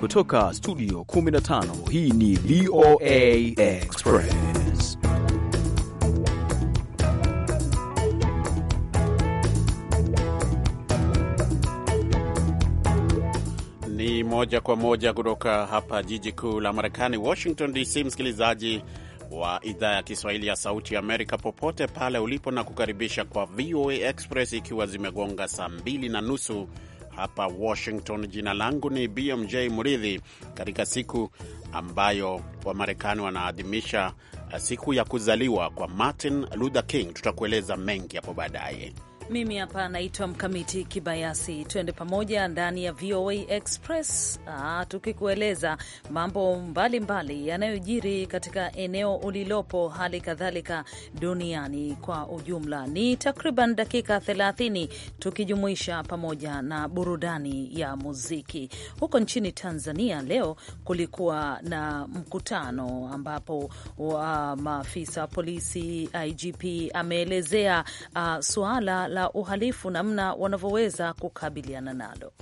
Kutoka studio 15 hii ni VOA Express. Ni moja kwa moja kutoka hapa jiji kuu la Marekani, Washington DC, msikilizaji wa idhaa ya Kiswahili ya Sauti Amerika popote pale ulipo, na kukaribisha kwa VOA Express ikiwa zimegonga saa mbili na nusu hapa Washington. Jina langu ni BMJ Muridhi, katika siku ambayo Wamarekani wanaadhimisha eh, siku ya kuzaliwa kwa Martin Luther King. Tutakueleza mengi hapo baadaye. Mimi hapa naitwa Mkamiti Kibayasi. Tuende pamoja ndani ya VOA Express ah, tukikueleza mambo mbalimbali yanayojiri katika eneo ulilopo, hali kadhalika duniani kwa ujumla. Ni takriban dakika 30 tukijumuisha pamoja na burudani ya muziki. Huko nchini Tanzania leo kulikuwa na mkutano ambapo wa maafisa polisi, IGP ameelezea uh, suala la uhalifu, namna wanavyoweza kukabiliana nalo.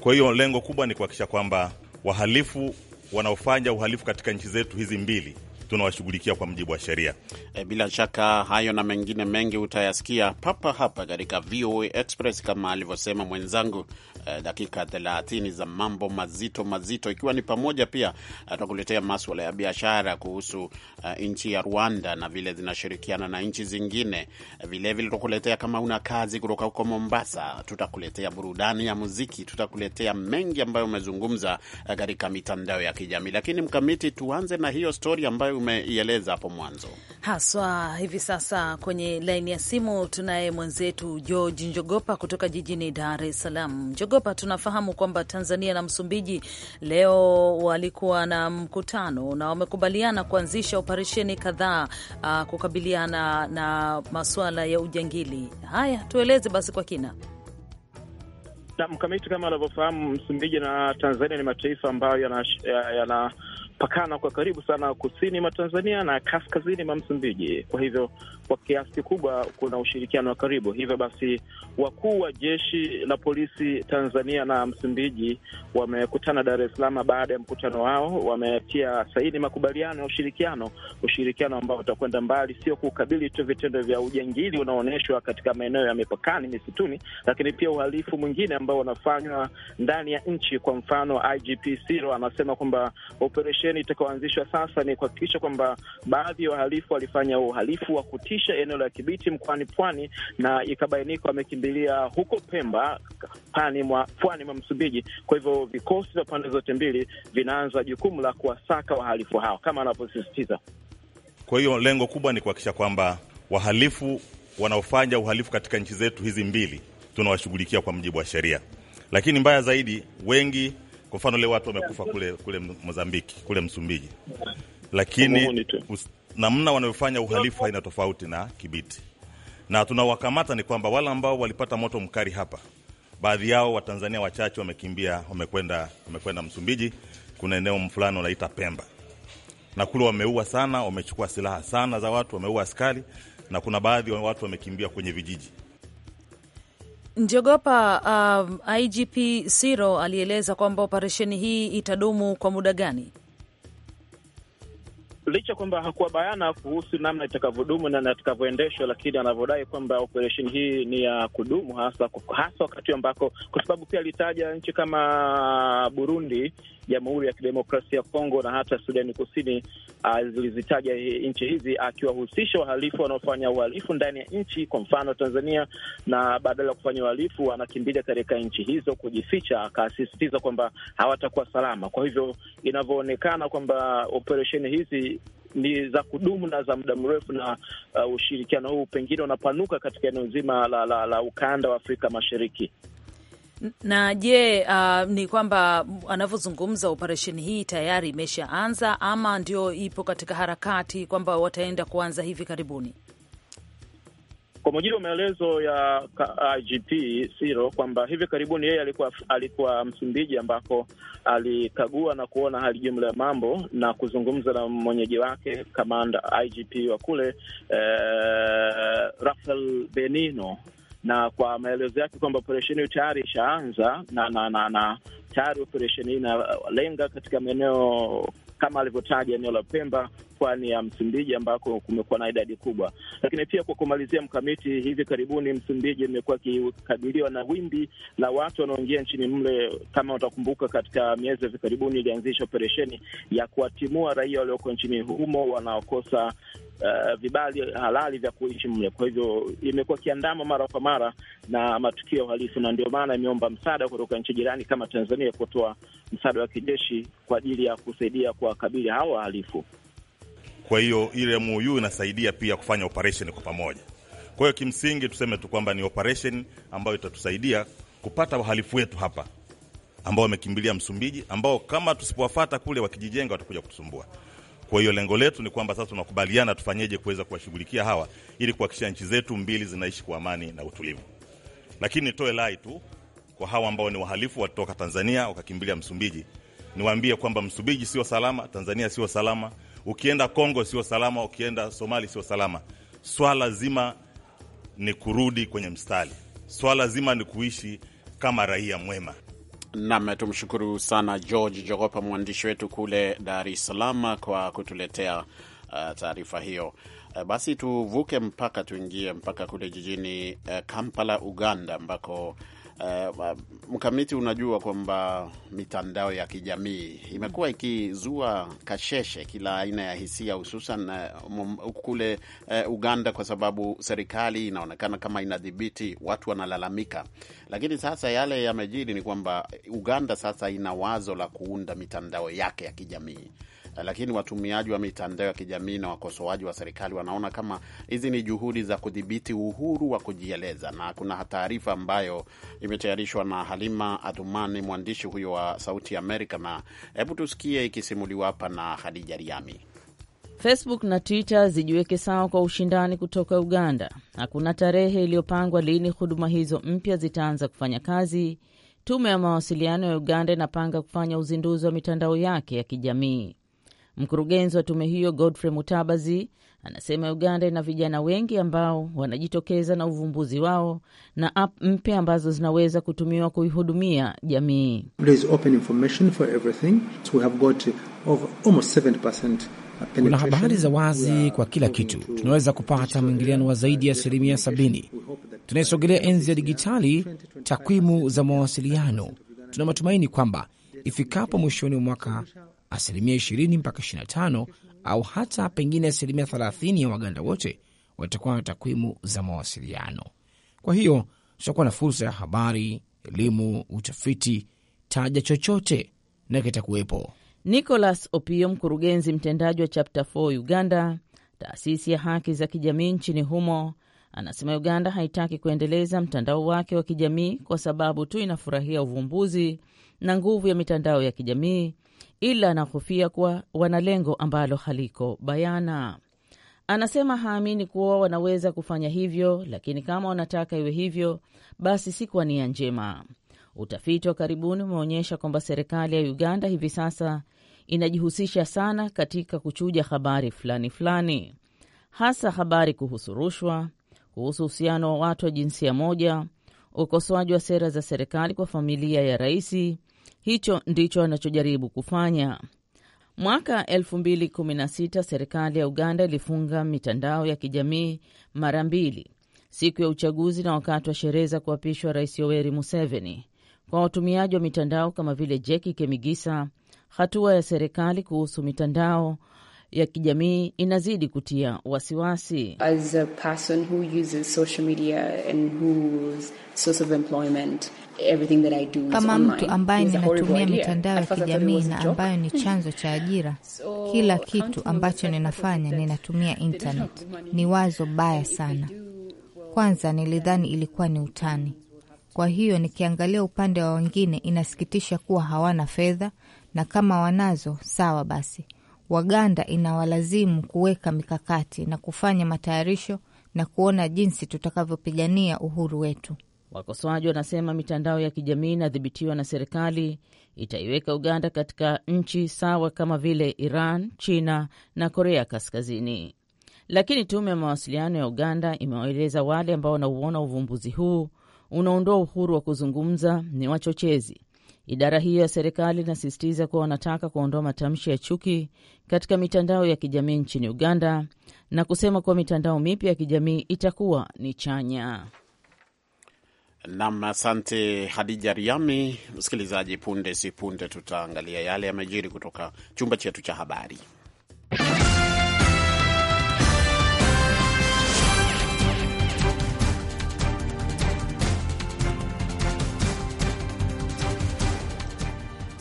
Kwa hiyo lengo kubwa ni kuhakikisha kwamba wahalifu wanaofanya uhalifu katika nchi zetu hizi mbili tunawashughulikia kwa mujibu wa sheria. E, bila shaka hayo na mengine mengi utayasikia papa hapa katika VOA Express kama alivyosema mwenzangu eh, dakika 30 za mambo mazito mazito, ikiwa ni pamoja pia atakuletea e, maswala ya biashara kuhusu uh, nchi ya Rwanda na vile zinashirikiana na nchi zingine. Vilevile tutakuletea kama una kazi kutoka huko Mombasa, tutakuletea burudani ya muziki, tutakuletea mengi ambayo umezungumza e, katika mitandao ya kijamii, lakini mkamiti, tuanze na hiyo stori ambayo umeieleza hapo mwanzo haswa. Hivi sasa kwenye laini ya simu tunaye mwenzetu George Njogopa kutoka jijini Dar es Salaam. Njogopa, tunafahamu kwamba Tanzania na Msumbiji leo walikuwa na mkutano na wamekubaliana kuanzisha operesheni kadhaa uh, kukabiliana na masuala ya ujangili. Haya, tueleze basi kwa kina. Na mkamiti kama anavyofahamu Msumbiji na Tanzania ni mataifa ambayo yana, yana pakana kwa karibu sana kusini mwa Tanzania na kaskazini mwa Msumbiji. Kwa hivyo kwa kiasi kikubwa kuna ushirikiano wa karibu. Hivyo basi, wakuu wa jeshi la polisi Tanzania na Msumbiji wamekutana Dar es Salaam. Baada ya mkutano wao, wametia saini makubaliano ya ushirikiano, ushirikiano ambao utakwenda mbali, sio kukabili tu vitendo vya ujangili unaoonyeshwa katika maeneo ya mipakani, misituni, lakini pia uhalifu mwingine ambao unafanywa ndani ya nchi. Kwa mfano, IGP Siro anasema kwamba operesheni itakayoanzishwa sasa ni kuhakikisha kwamba baadhi ya wahalifu walifanya uhalifu wa kutisha kulisha eneo la Kibiti mkoani Pwani, na ikabainika wamekimbilia huko Pemba, pwani mwa pwani mwa Msumbiji. Kwa hivyo vikosi vya pande zote mbili vinaanza jukumu la kuwasaka wahalifu hao kama anavyosisitiza. Kwa hiyo lengo kubwa ni kuhakikisha kwamba wahalifu wanaofanya uhalifu katika nchi zetu hizi mbili tunawashughulikia kwa mujibu wa sheria, lakini mbaya zaidi, wengi kwa mfano leo watu wamekufa kule kule Mozambiki, kule Msumbiji, lakini namna wanayofanya uhalifu haina tofauti na Kibiti, na tunawakamata ni kwamba wale ambao walipata moto mkali hapa, baadhi yao Watanzania wachache wamekimbia, wamekwenda wamekwenda Msumbiji. Kuna eneo fulani wanaita Pemba, na kule wameua sana, wamechukua silaha sana za watu, wameua askari, na kuna baadhi ya watu wamekimbia kwenye vijiji Njogopa. Uh, um, IGP Siro alieleza kwamba operesheni hii itadumu kwa muda gani? licha kwamba hakuwa bayana kuhusu namna itakavyodumu na itakavyoendeshwa, lakini anavyodai kwamba operesheni hii ni ya kudumu, hasa hasa wakati ambako, kwa sababu pia alitaja nchi kama Burundi Jamhuri ya Kidemokrasia ya Kongo na hata Sudani Kusini. Ah, zilizitaja nchi hizi akiwahusisha wahalifu wanaofanya uhalifu ndani ya nchi, kwa mfano Tanzania, na badala ya kufanya uhalifu wanakimbilia katika nchi hizo kujificha, akasisitiza kwamba hawatakuwa salama. Kwa hivyo inavyoonekana kwamba operesheni hizi ni za kudumu na za muda mrefu, na uh, ushirikiano huu pengine unapanuka katika eneo zima la, la, la ukanda wa Afrika Mashariki. Na je, uh, ni kwamba anavyozungumza operesheni hii tayari imeshaanza ama ndio ipo katika harakati kwamba wataenda kuanza hivi karibuni? Kwa mujibu wa maelezo ya IGP Siro kwamba hivi karibuni yeye alikuwa alikuwa Msumbiji, ambako alikagua na kuona hali jumla ya mambo na kuzungumza na mwenyeji wake kamanda IGP wa kule eh, Rafael Benino na kwa maelezo yake kwamba operesheni hiyo tayari ishaanza na, na, na, na tayari operesheni hii inalenga katika maeneo kama alivyotaja eneo la Pemba, pwani ya Msumbiji ambako kumekuwa na idadi kubwa. Lakini pia kwa kumalizia, mkamiti, hivi karibuni Msumbiji imekuwa ikikabiliwa na wimbi la watu wanaoingia nchini mle. Kama utakumbuka, katika miezi ya hivi karibuni ilianzisha operesheni ya kuwatimua raia walioko nchini humo wanaokosa uh, vibali halali vya kuishi mle. Kwa hivyo imekuwa kiandama mara kwa mara na matukio halisi, na ndio maana imeomba msaada kutoka nchi jirani kama Tanzania kutoa msaada wa kijeshi kwa ajili ya kusaidia kuwakabili hawa wahalifu. Kwa hiyo ile MOU inasaidia pia kufanya operesheni kwa pamoja. Kwa hiyo kimsingi tuseme tu kwamba ni operation ambayo itatusaidia kupata wahalifu wetu hapa ambao wamekimbilia Msumbiji, ambao kama tusipowafata kule wakijijenga watakuja kutusumbua. Kwa hiyo lengo letu ni kwamba sasa tunakubaliana tufanyeje kuweza kuwashughulikia hawa ili kuhakikisha nchi zetu mbili zinaishi kwa amani na utulivu. Lakini nitoe lai tu kwa hawa ambao ni wahalifu watoka Tanzania wakakimbilia Msumbiji, niwaambie kwamba Msumbiji sio salama, Tanzania sio salama, ukienda Kongo sio salama, ukienda Somali sio salama. Swala zima ni kurudi kwenye mstari, swala zima ni kuishi kama raia mwema. Nam, tumshukuru sana George Jogopa, mwandishi wetu kule Dar es Salaam, kwa kutuletea uh, taarifa hiyo. Uh, basi tuvuke mpaka tuingie mpaka kule jijini uh, Kampala, Uganda, ambako Uh, mkamiti, unajua kwamba mitandao ya kijamii imekuwa ikizua kasheshe kila aina ya hisia, hususan uh, kule uh, Uganda, kwa sababu serikali inaonekana kama inadhibiti, watu wanalalamika. Lakini sasa yale yamejiri ni kwamba Uganda sasa ina wazo la kuunda mitandao yake ya kijamii lakini watumiaji wa mitandao ya kijamii na wakosoaji wa serikali wanaona kama hizi ni juhudi za kudhibiti uhuru wa kujieleza. Na kuna taarifa ambayo imetayarishwa na Halima Adhumani, mwandishi huyo wa Sauti Amerika, na hebu tusikie ikisimuliwa hapa na hadija Riami. Facebook na Twitter zijiweke sawa kwa ushindani kutoka Uganda. Hakuna tarehe iliyopangwa lini huduma hizo mpya zitaanza kufanya kazi. Tume ya mawasiliano ya Uganda inapanga kufanya uzinduzi wa mitandao yake ya kijamii. Mkurugenzi wa tume hiyo Godfrey Mutabazi anasema Uganda ina vijana wengi ambao wanajitokeza na uvumbuzi wao na app mpya ambazo zinaweza kutumiwa kuihudumia jamii. Kuna habari za wazi kwa kila kitu. Tunaweza kupata mwingiliano wa zaidi ya asilimia sabini. Tunaisogelea enzi ya dijitali, takwimu za mawasiliano. Tuna matumaini kwamba ifikapo mwishoni mwa mwaka asilimia 20 mpaka 25 au hata pengine asilimia 30 ya Waganda wote watakuwa na takwimu za mawasiliano. Kwa hiyo tutakuwa na fursa ya habari, elimu, utafiti, taja chochote na kitakuwepo. Nicholas Opio, mkurugenzi mtendaji wa Chapter 4 Uganda, taasisi ya haki za kijamii nchini humo, anasema Uganda haitaki kuendeleza mtandao wake wa kijamii kwa sababu tu inafurahia uvumbuzi na nguvu ya mitandao ya kijamii ila anahofia kuwa wana lengo ambalo haliko bayana. Anasema haamini kuwa wanaweza kufanya hivyo, lakini kama wanataka iwe hivyo, basi si kwa nia njema. Utafiti wa karibuni umeonyesha kwamba serikali ya Uganda hivi sasa inajihusisha sana katika kuchuja habari fulani fulani, hasa habari kuhusu rushwa, kuhusu uhusiano wa watu wa jinsia moja, ukosoaji wa sera za serikali kwa familia ya raisi Hicho ndicho anachojaribu kufanya. Mwaka 2016 serikali ya Uganda ilifunga mitandao ya kijamii mara mbili, siku ya uchaguzi na wakati wa sherehe za kuapishwa Rais Yoweri Museveni. Kwa watumiaji wa mitandao kama vile Jeki Kemigisa, hatua ya serikali kuhusu mitandao ya kijamii inazidi kutia wasiwasi As a kama mtu ambaye ninatumia mitandao ya kijamii na ambayo ni chanzo cha ajira. So, kila kitu ambacho ninafanya ninatumia internet. Ni wazo baya sana. Kwanza nilidhani ilikuwa ni utani. Kwa hiyo nikiangalia upande wa wengine, inasikitisha kuwa hawana fedha, na kama wanazo sawa basi Waganda inawalazimu kuweka mikakati na kufanya matayarisho na kuona jinsi tutakavyopigania uhuru wetu. Wakosoaji wanasema mitandao ya kijamii inadhibitiwa na serikali itaiweka Uganda katika nchi sawa kama vile Iran, China na Korea Kaskazini. Lakini tume ya mawasiliano ya Uganda imewaeleza wale ambao wanauona uvumbuzi huu unaondoa uhuru wa kuzungumza ni wachochezi Idara hiyo ya serikali inasisitiza kuwa wanataka kuondoa matamshi ya chuki katika mitandao ya kijamii nchini Uganda na kusema kuwa mitandao mipya ya kijamii itakuwa ni chanya. Nam, asante Hadija Riami. Msikilizaji, punde si punde tutaangalia yale yamejiri kutoka chumba chetu cha habari.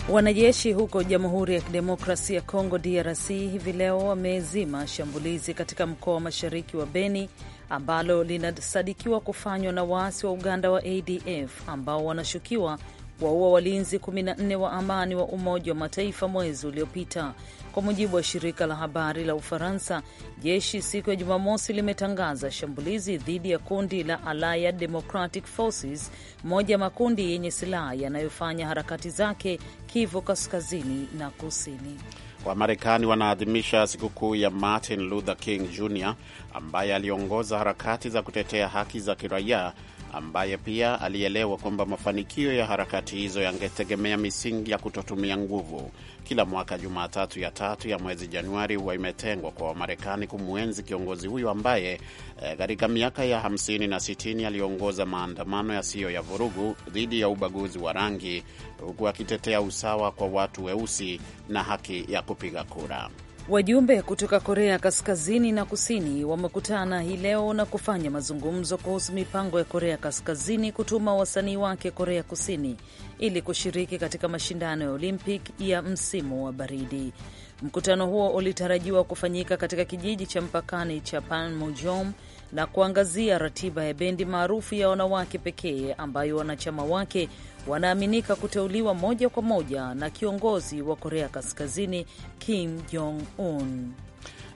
Wanajeshi huko Jamhuri ya Kidemokrasia ya Kongo DRC hivi leo wamezima shambulizi katika mkoa wa mashariki wa Beni ambalo linasadikiwa kufanywa na waasi wa Uganda wa ADF ambao wanashukiwa kuwaua walinzi 14 wa amani wa Umoja wa Mataifa mwezi uliopita. Kwa mujibu wa shirika la habari la Ufaransa, jeshi siku ya Jumamosi limetangaza shambulizi dhidi ya kundi la Allied Democratic Forces, moja ya makundi yenye silaha yanayofanya harakati zake Kivu kaskazini na kusini. Wamarekani wanaadhimisha sikukuu ya Martin Luther King Jr ambaye aliongoza harakati za kutetea haki za kiraia ambaye pia alielewa kwamba mafanikio ya harakati hizo yangetegemea misingi ya kutotumia nguvu. Kila mwaka Jumatatu ya tatu ya mwezi Januari huwa imetengwa kwa Wamarekani kumwenzi kiongozi huyo ambaye eh, katika e, miaka ya 50 na 60 aliongoza maandamano yasiyo ya vurugu dhidi ya ubaguzi wa rangi huku akitetea usawa kwa watu weusi na haki ya kupiga kura. Wajumbe kutoka Korea Kaskazini na Kusini wamekutana hii leo na kufanya mazungumzo kuhusu mipango ya Korea Kaskazini kutuma wasanii wake Korea Kusini ili kushiriki katika mashindano ya Olympic ya msimu wa baridi. Mkutano huo ulitarajiwa kufanyika katika kijiji cha mpakani cha Panmunjom na kuangazia ratiba ya bendi maarufu ya wanawake pekee ambayo wanachama wake wanaaminika kuteuliwa moja kwa moja na kiongozi wa Korea Kaskazini Kim Jong Un.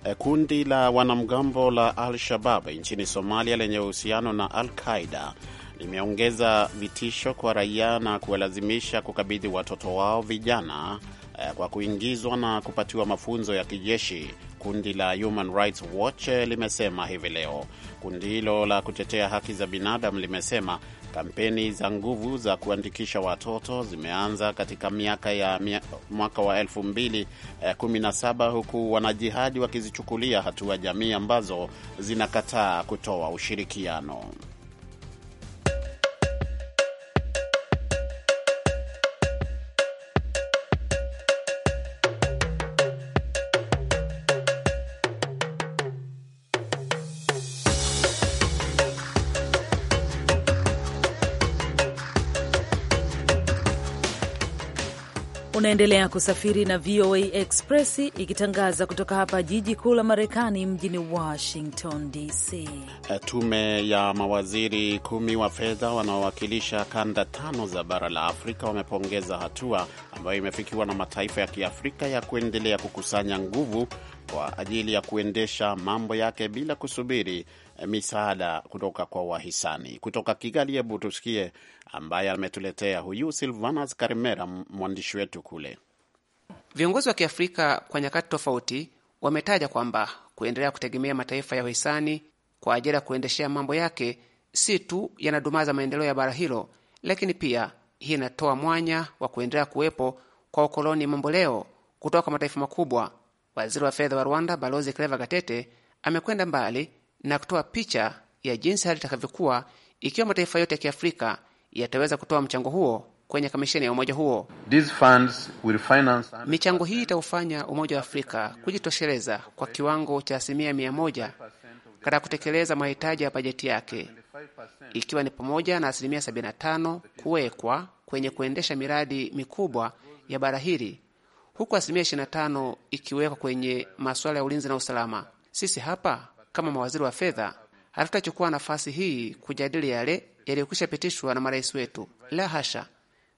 Eh, kundi la wanamgambo la Al-Shabab nchini Somalia lenye uhusiano na Al-Qaida limeongeza vitisho kwa raia na kuwalazimisha kukabidhi watoto wao vijana eh, kwa kuingizwa na kupatiwa mafunzo ya kijeshi kundi la Human Rights Watch limesema hivi leo. Kundi hilo la kutetea haki za binadamu limesema kampeni za nguvu za kuandikisha watoto zimeanza katika miaka ya mwaka wa 2017 eh, huku wanajihadi wakizichukulia hatua wa jamii ambazo zinakataa kutoa ushirikiano. Unaendelea kusafiri na VOA Express ikitangaza kutoka hapa jiji kuu la Marekani, mjini Washington DC. Eh, tume ya mawaziri kumi wa fedha wanaowakilisha kanda tano za bara la Afrika wamepongeza hatua ambayo imefikiwa na mataifa ya Kiafrika ya kuendelea kukusanya nguvu kwa ajili ya kuendesha mambo yake bila kusubiri Eh, misaada kutoka kwa wahisani. Kutoka Kigali, hebu tusikie ambaye ametuletea huyu Silvanas Karimera, mwandishi wetu kule. Viongozi wa Kiafrika kwa nyakati tofauti wametaja kwamba kuendelea kutegemea mataifa ya wahisani kwa ajili ya kuendeshea mambo yake si tu yanadumaza maendeleo ya bara hilo, lakini pia hii inatoa mwanya wa kuendelea kuwepo kwa ukoloni mamboleo kutoka kwa mataifa makubwa. Waziri wa fedha wa Rwanda Balozi Claver Gatete amekwenda mbali na kutoa picha ya jinsi hali itakavyokuwa ikiwa mataifa yote ya Kiafrika yataweza kutoa mchango huo kwenye kamisheni ya umoja huo. These funds will finance... michango hii itaufanya Umoja wa Afrika kujitosheleza kwa kiwango cha asilimia mia moja katika kutekeleza mahitaji ya bajeti yake ikiwa ni pamoja na asilimia 75 kuwekwa kwenye kuendesha miradi mikubwa ya bara hili huku asilimia 25 ikiwekwa kwenye masuala ya ulinzi na usalama. Sisi hapa kama mawaziri wa fedha hatutachukua nafasi hii kujadili yale yaliyokwisha pitishwa na marais wetu. La hasha,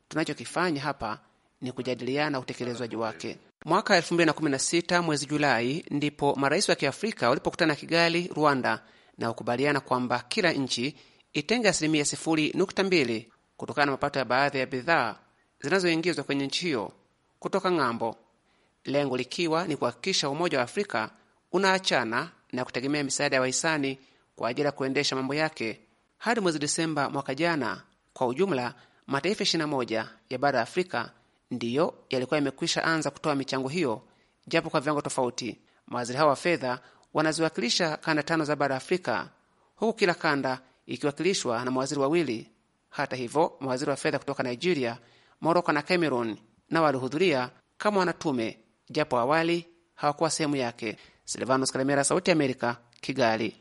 tunachokifanya hapa ni kujadiliana utekelezwaji wake. Mwaka 2016 mwezi Julai ndipo marais wa Kiafrika walipokutana Kigali, Rwanda, na kukubaliana kwamba kila nchi itenge asilimia sifuri nukta mbili kutokana na mapato ya baadhi ya bidhaa zinazoingizwa kwenye nchi hiyo kutoka ng'ambo, lengo likiwa ni kuhakikisha Umoja wa Afrika unaachana na kutegemea misaada ya wahisani kwa ajili ya kuendesha mambo yake. Hadi mwezi Desemba mwaka jana, kwa ujumla mataifa 21 ya bara ya Afrika ndiyo yalikuwa yamekwisha anza kutoa michango hiyo, japo kwa viwango tofauti. Mawaziri hao wa fedha wanaziwakilisha kanda tano za bara Afrika, huku kila kanda ikiwakilishwa na mawaziri wawili. Hata hivyo, mawaziri wa fedha kutoka Nigeria, Moroko na Cameroon nao walihudhuria kama wanatume, japo awali hawakuwa sehemu yake. Silvanus Kalemera, Sauti ya Amerika, Kigali.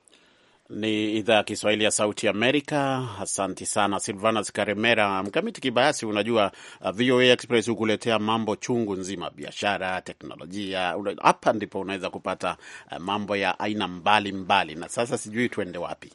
Ni idhaa ya Kiswahili ya Sauti Amerika. Asanti sana Silvanas Karemera. Mkamiti Kibayasi, unajua uh, VOA Express hukuletea mambo chungu nzima, biashara, teknolojia. Hapa ndipo unaweza kupata uh, mambo ya aina mbalimbali mbali. Na sasa sijui tuende wapi?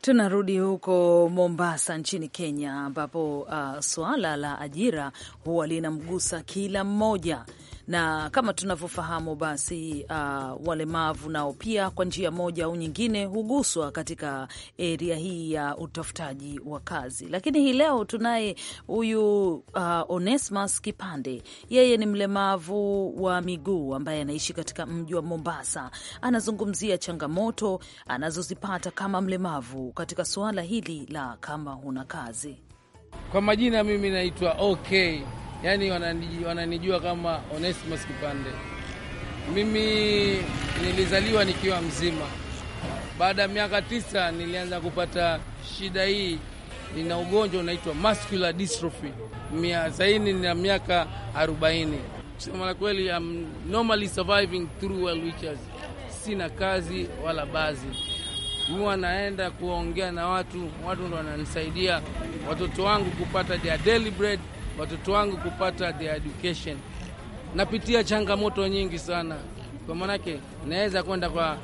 Tunarudi huko Mombasa nchini Kenya, ambapo uh, suala la ajira huwa linamgusa kila mmoja na kama tunavyofahamu basi, uh, walemavu nao pia kwa njia moja au nyingine huguswa katika eria hii ya utafutaji wa kazi. Lakini hii leo tunaye huyu uh, Onesmus Kipande, yeye ni mlemavu wa miguu ambaye anaishi katika mji wa Mombasa. Anazungumzia changamoto anazozipata kama mlemavu katika suala hili la kama huna kazi. Kwa majina mimi naitwa OK yani wananijua, kama Onesmus Kipande. Mimi nilizaliwa nikiwa mzima. Baada ya miaka tisa nilianza kupata shida hii. Nina ugonjwa unaitwa muscular dystrophy. mia zaini na miaka arobaini. Kusema la kweli, I'm normally surviving through well wishes. Sina kazi wala bazi, huwa naenda kuongea na watu, watu ndo wananisaidia, watoto wangu kupata their daily bread watoto wangu kupata the education. Napitia changamoto nyingi sana, kwa maanake naweza kwenda kwa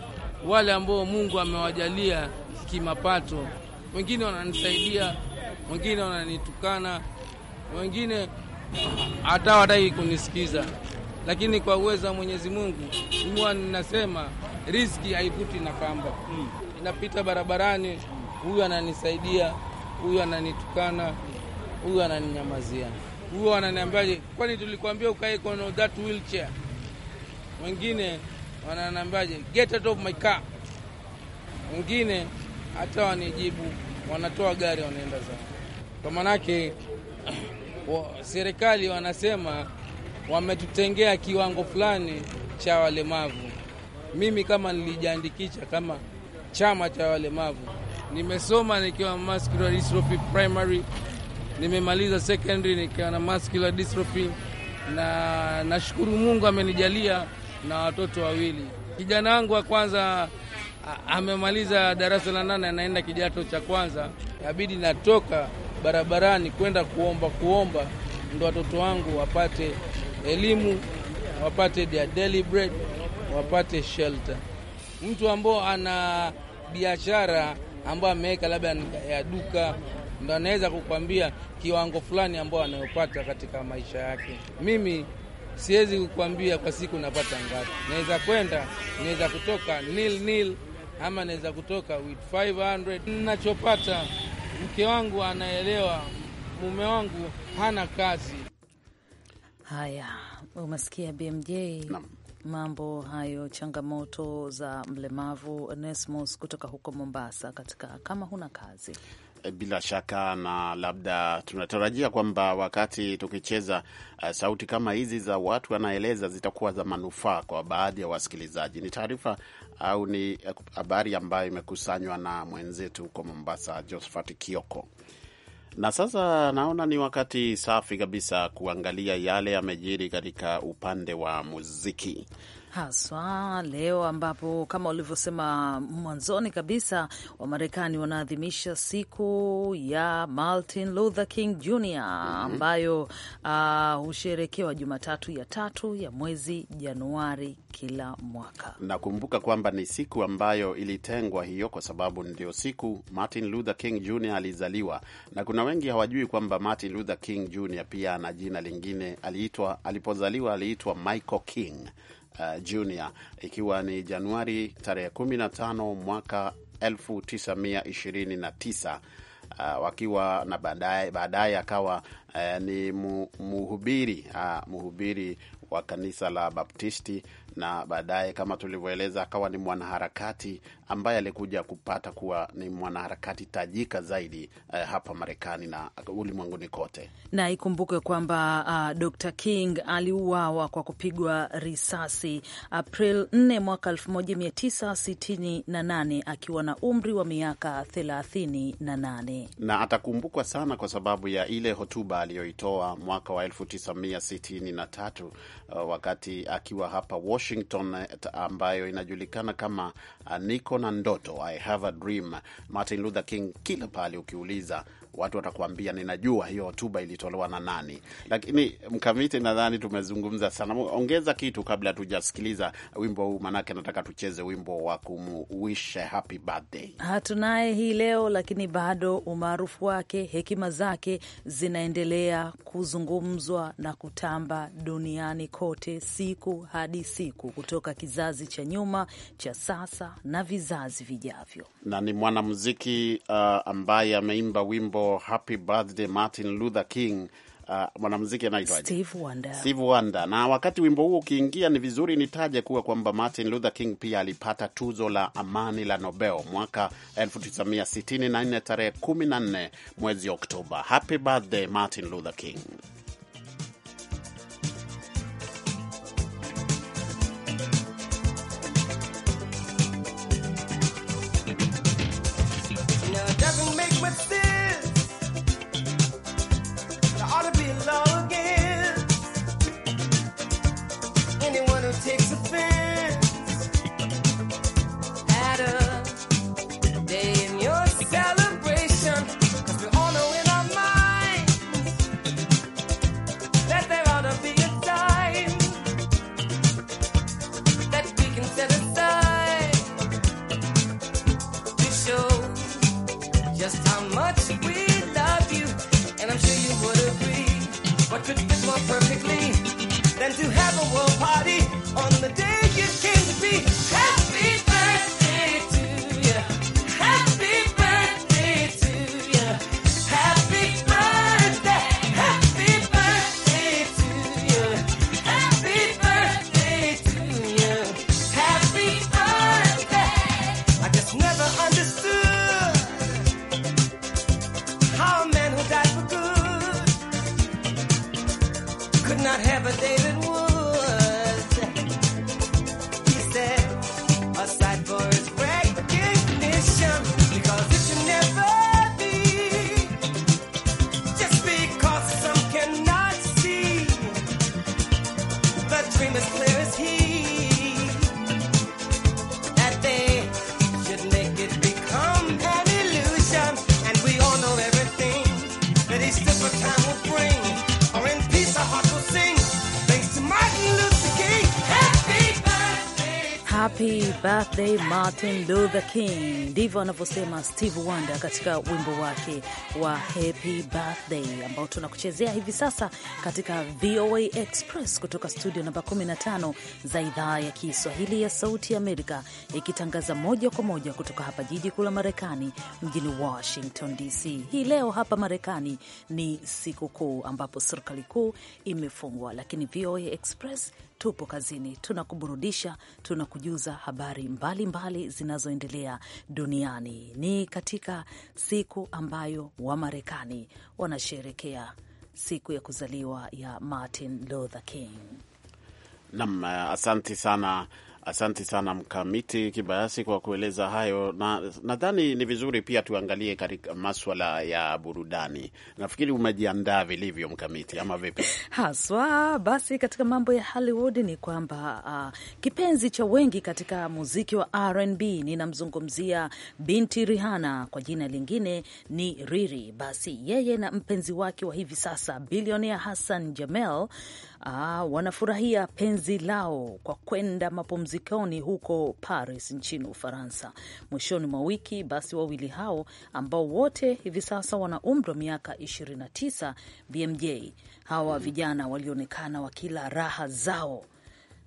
wale ambao Mungu amewajalia kimapato. Wengine wananisaidia, wengine wananitukana, wengine hata wataki kunisikiza, lakini kwa uwezo wa Mwenyezi Mungu huwa ninasema riziki haivuti na kamba. Hmm. Inapita barabarani, huyu ananisaidia, huyu ananitukana huyu ananinyamazia, huyu ananiambiaje, kwani tulikwambia ukae kono that wheelchair. Wengine wananiambiaje, get out of my car. Wengine hata wanijibu, wanatoa gari, wanaenda zao. Kwa maanake serikali wanasema wametutengea kiwango fulani cha walemavu. Mimi kama nilijiandikisha kama chama cha walemavu, nimesoma nikiwa muscular dystrophy primary nimemaliza secondary nikiwa na muscular dystrophy, na nashukuru Mungu amenijalia na watoto wawili. Kijana wangu wa kwanza amemaliza darasa la nane, anaenda kidato cha kwanza. Inabidi natoka barabarani kwenda kuomba kuomba, ndo watoto wangu wapate elimu, wapate their daily bread, wapate shelter. Mtu ambao ana biashara ambayo ameweka labda ya duka ndo anaweza kukwambia kiwango fulani ambao anayopata katika maisha yake. Mimi siwezi kukwambia kwa siku napata ngapi. Naweza kwenda, naweza kutoka nil nil, ama naweza kutoka with 500. nachopata mke wangu anaelewa, mume wangu hana kazi. Haya, umesikia BMJ no. Mambo hayo, changamoto za mlemavu Onesmus kutoka huko Mombasa, katika kama huna kazi bila shaka, na labda tunatarajia kwamba wakati tukicheza uh, sauti kama hizi za watu wanaeleza zitakuwa za manufaa kwa baadhi ya wasikilizaji. Ni taarifa au ni eh, habari ambayo imekusanywa na mwenzetu huko Mombasa, Josphat Kioko. Na sasa naona ni wakati safi kabisa kuangalia yale yamejiri katika upande wa muziki haswa leo ambapo kama ulivyosema mwanzoni kabisa, Wamarekani wanaadhimisha siku ya Martin Luther King Jr mhm. ambayo ah, husherekewa Jumatatu ya tatu ya mwezi Januari kila mwaka. Nakumbuka kwamba ni siku ambayo ilitengwa hiyo kwa sababu ndio siku Martin Luther King Jr alizaliwa, na kuna wengi hawajui kwamba Martin Luther King Jr pia ana jina lingine, aliitwa alipozaliwa aliitwa Michael King Uh, junior, ikiwa ni Januari tarehe 15 mwaka 1929 uh, wakiwa na baadaye baadaye akawa uh, ni muhubiri uh, muhubiri wa kanisa la Baptisti na baadaye, kama tulivyoeleza, akawa ni mwanaharakati ambaye alikuja kupata kuwa ni mwanaharakati tajika zaidi eh, hapa Marekani na ulimwenguni kote. Na ikumbuke kwamba uh, ah, Dr. King aliuawa kwa kupigwa risasi April 4 mwaka 1968 akiwa na umri wa miaka 38, na atakumbukwa sana kwa sababu ya ile hotuba aliyoitoa mwaka wa 1963 uh, eh, wakati akiwa hapa Washington Washington eh, ambayo inajulikana kama eh, Niko na Ndoto, I Have a Dream, Martin Luther King. Kila pale ukiuliza watu watakuambia, ninajua hiyo hotuba ilitolewa na nani. Lakini mkamiti, nadhani tumezungumza sana. Ongeza kitu kabla tujasikiliza wimbo huu, manake nataka tucheze wimbo wa kumuwisha happy birthday. Hatunaye hii leo, lakini bado umaarufu wake, hekima zake zinaendelea kuzungumzwa na kutamba duniani kote, siku hadi siku, kutoka kizazi cha nyuma cha sasa na vizazi vijavyo, na ni mwanamuziki uh, ambaye ameimba wimbo wimbo Happy Birthday Martin Luther King. Uh, mwanamuziki anaitwa Steve Wonder. Steve Wonder. Na wakati wimbo huo ukiingia, ni vizuri nitaje kuwa kwamba Martin Luther King pia alipata tuzo la amani la Nobel mwaka 1964 tarehe 14 mwezi Oktoba. Happy birthday Martin Luther King. takes a fan. not have a David one. Happy birthday. birthday Martin Luther King, ndivyo anavyosema Steve Wonder katika wimbo wake wa happy birthday ambao tunakuchezea hivi sasa katika VOA Express kutoka studio namba 15 za idhaa ya Kiswahili ya Sauti Amerika, ikitangaza moja kwa moja kutoka hapa jiji kuu la Marekani, mjini Washington DC. Hii leo hapa Marekani ni siku kuu ambapo serikali kuu imefungwa, lakini VOA Express tupo kazini, tunakuburudisha, tunakujuza habari mba mbalimbali zinazoendelea duniani. Ni katika siku ambayo Wamarekani wanasherekea siku ya kuzaliwa ya Martin Luther King. Nam, eh, asante sana Asante sana Mkamiti Kibayasi kwa kueleza hayo, na nadhani ni vizuri pia tuangalie katika maswala ya burudani. Nafikiri umejiandaa vilivyo Mkamiti, ama vipi? Haswa basi, katika mambo ya Hollywood ni kwamba uh, kipenzi cha wengi katika muziki wa RnB, ninamzungumzia binti Rihanna, kwa jina lingine ni Riri. Basi yeye na mpenzi wake wa hivi sasa bilionea Hassan Jamel Aa, ah, wanafurahia penzi lao kwa kwenda mapumzikoni huko Paris nchini Ufaransa mwishoni mwa wiki. Basi wawili hao ambao wote hivi sasa wana umri wa miaka 29 BMJ, hawa vijana walionekana wakila raha zao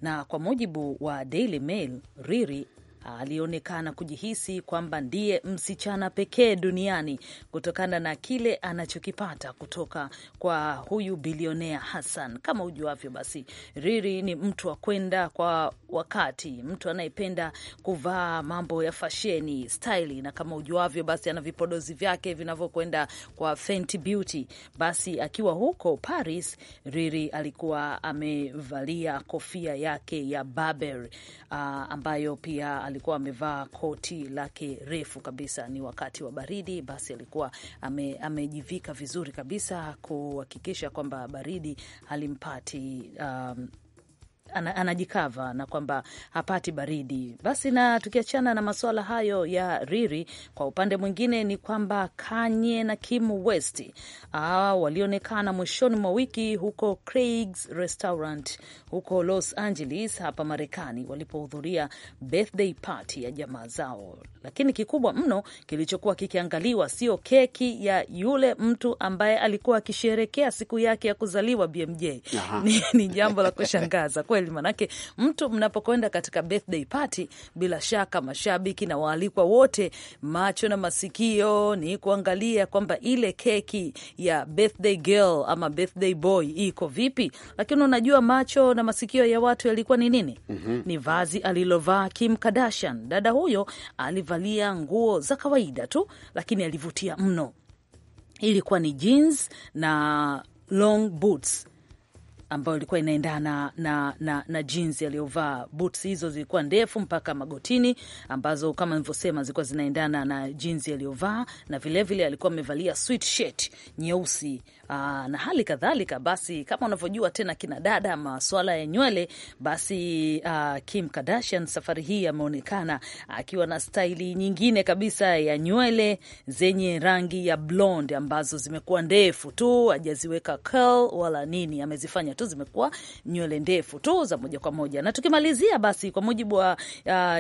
na kwa mujibu wa Daily Mail, Riri alionekana kujihisi kwamba ndiye msichana pekee duniani kutokana na kile anachokipata kutoka kwa huyu bilionea Hassan. Kama ujuavyo, basi Riri ni mtu wa kwenda kwa wakati, mtu anayependa kuvaa mambo ya fasheni staili, na kama ujuavyo, basi ana vipodozi vyake vinavyokwenda kwa Fenty Beauty. Basi akiwa huko Paris, Riri alikuwa amevalia kofia yake ya Burberry, uh, ah, ambayo pia alikuwa amevaa koti lake refu kabisa, ni wakati wa baridi, basi alikuwa ame, amejivika vizuri kabisa kuhakikisha kwamba baridi halimpati um, anajikava na kwamba hapati baridi. Basi na tukiachana na masuala hayo ya Riri, kwa upande mwingine ni kwamba Kanye na Kim West ah, walionekana mwishoni mwa wiki huko Craig's Restaurant huko Los Angeles hapa Marekani, walipohudhuria birthday party ya jamaa zao, lakini kikubwa mno kilichokuwa kikiangaliwa sio keki ya yule mtu ambaye alikuwa akisherekea siku yake ya kuzaliwa BMJ. Ni, ni jambo la kushangaza kweli. kweli, manake mtu mnapokwenda katika birthday party, bila shaka mashabiki na waalikwa wote, macho na masikio ni kuangalia kwamba ile keki ya birthday girl ama birthday boy iko vipi. Lakini unajua macho na masikio ya watu yalikuwa ni nini? mm -hmm. Ni vazi alilovaa Kim Kardashian. Dada huyo alivalia nguo za kawaida tu, lakini alivutia mno. Ilikuwa ni jeans na long boots ambayo ilikuwa inaendana na, na, na jinsi aliyovaa. Boots hizo zilikuwa ndefu mpaka magotini, ambazo kama nilivyosema zilikuwa zinaendana na jinsi aliyovaa, na vilevile alikuwa amevalia sweatshirt nyeusi aa, ah, na hali kadhalika. Basi kama unavyojua tena kina dada, maswala ya nywele, basi uh, Kim Kardashian safari hii ameonekana akiwa na staili nyingine kabisa ya nywele zenye rangi ya blonde ambazo zimekuwa ndefu tu, hajaziweka curl wala nini, amezifanya tu zimekuwa nywele ndefu tu za moja kwa moja. Na tukimalizia basi, kwa mujibu wa uh,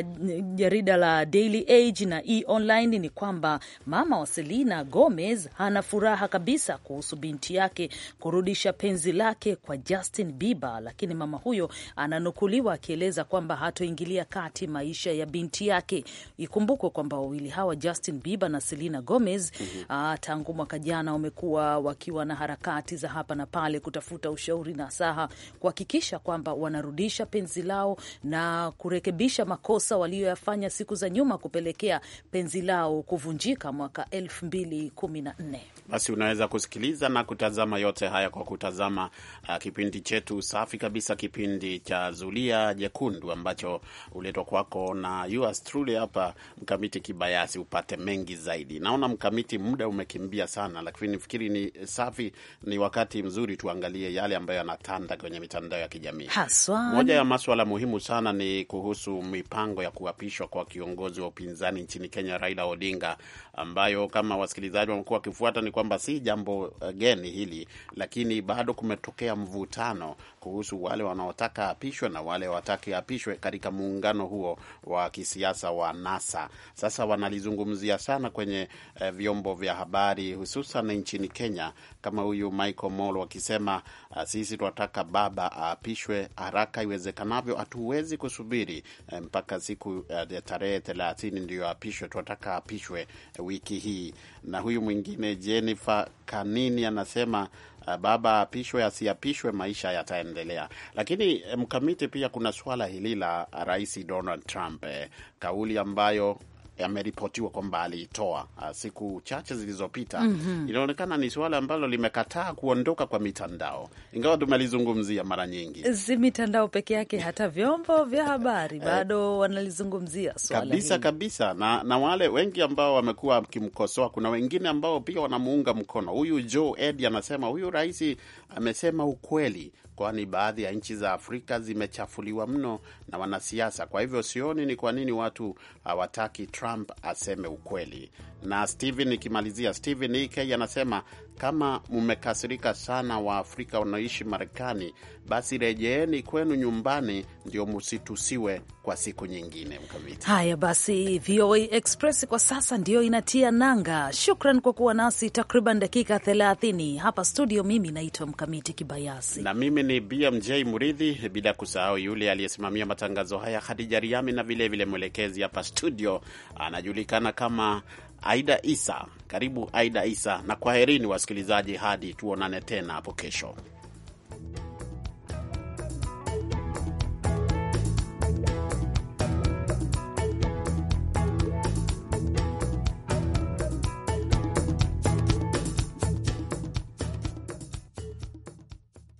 jarida la Daily Age na E Online ni kwamba mama wa Selena Gomez hana furaha kabisa kuhusu binti yake kurudisha penzi lake kwa Justin Bieber, lakini mama huyo ananukuliwa akieleza kwamba hatoingilia kati maisha ya binti yake. Ikumbukwe kwamba wawili hawa Justin Bieber na Selena Gomez mm -hmm. tangu mwaka jana wamekuwa wakiwa na harakati za hapa na pale kutafuta ushauri na ufasaha kuhakikisha kwamba wanarudisha penzi lao na kurekebisha makosa waliyoyafanya siku za nyuma kupelekea penzi lao kuvunjika mwaka 2014. Basi unaweza kusikiliza na kutazama yote haya kwa kutazama uh, kipindi chetu safi kabisa, kipindi cha Zulia Jekundu ambacho huletwa kwako na yours truly hapa Mkamiti Kibayasi, upate mengi zaidi. Naona Mkamiti, muda umekimbia sana, lakini fikiri ni safi, ni wakati mzuri tuangalie yale ambayo yana yanatanda kwenye mitandao ya kijamii haswa. Moja ya maswala muhimu sana ni kuhusu mipango ya kuapishwa kwa kiongozi wa upinzani nchini Kenya, Raila Odinga, ambayo kama wasikilizaji wamekuwa wakifuata, ni kwamba si jambo eh, geni hili, lakini bado kumetokea mvutano kuhusu wale wanaotaka apishwe na wale wataki apishwe katika muungano huo wa kisiasa wa NASA. Sasa wanalizungumzia sana kwenye eh, vyombo vya habari hususan nchini Kenya, kama huyu Michael Molo wakisema, uh, sisi tunataka baba aapishwe haraka iwezekanavyo. Hatuwezi kusubiri eh, mpaka siku eh, tarehe thelathini ndiyo apishwe. Tunataka apishwe eh, wiki hii. Na huyu mwingine Jennifer Kanini anasema Eh, baba apishwe asiapishwe, maisha yataendelea. Lakini eh, mkamiti, pia kuna swala hili la Rais Donald Trump, eh, kauli ambayo ameripotiwa kwamba aliitoa ah, siku chache zilizopita. mm -hmm. Inaonekana ni suala ambalo limekataa kuondoka kwa mitandao, ingawa tumelizungumzia mara nyingi, si mitandao peke yake, hata vyombo vya habari eh. bado wanalizungumzia suala kabisa hili. Kabisa na, na wale wengi ambao wamekuwa wakimkosoa, kuna wengine ambao pia wanamuunga mkono. Huyu Joe Edi anasema huyu rais amesema ukweli kwani baadhi ya nchi za Afrika zimechafuliwa mno na wanasiasa. Kwa hivyo sioni ni kwa nini watu hawataki Trump aseme ukweli. Na Steven, nikimalizia Steven Ike anasema kama mmekasirika sana Waafrika wanaoishi Marekani, basi rejeeni kwenu nyumbani, ndio msitusiwe kwa siku nyingine. Mkamiti haya basi, VOA Express kwa sasa ndiyo inatia nanga. Shukran kwa kuwa nasi takriban dakika 30 hapa studio. Mimi naitwa Mkamiti Kibayasi na mimi ni BMJ Muridhi, bila kusahau yule aliyesimamia matangazo haya Khadija Riami, na vilevile mwelekezi hapa studio anajulikana kama Aida Isa. Karibu Aida Isa, na kwaherini wasikilizaji, hadi tuonane tena hapo kesho.